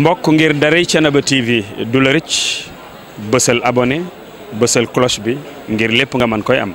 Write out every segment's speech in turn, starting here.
mbokk ngir daray Thiénaba TV du la rëcc bësal abonné bi ngir lépp nga mën koy am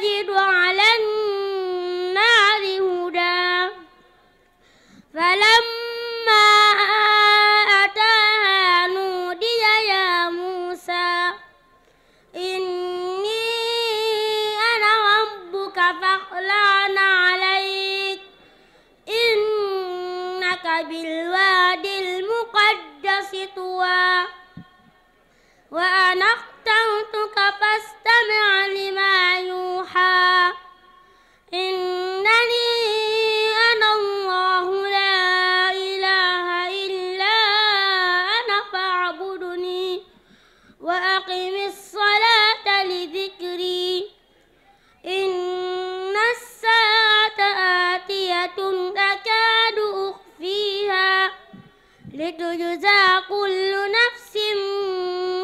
تجد على النار هدى فلما أتاها نودي يا موسى إني أنا ربك فاخلعن عليك إنك بالوادي المقدس طوى وأنا اخترتك فاستمع تجزى كل نفس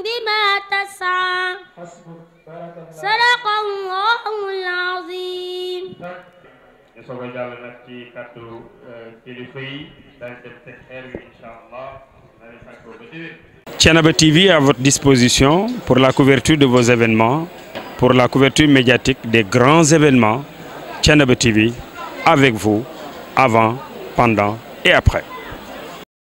بما تسعى euh, TV à votre disposition pour la couverture de vos événements, pour la couverture médiatique des grands événements. Thiénaba TV avec vous, avant, pendant et après.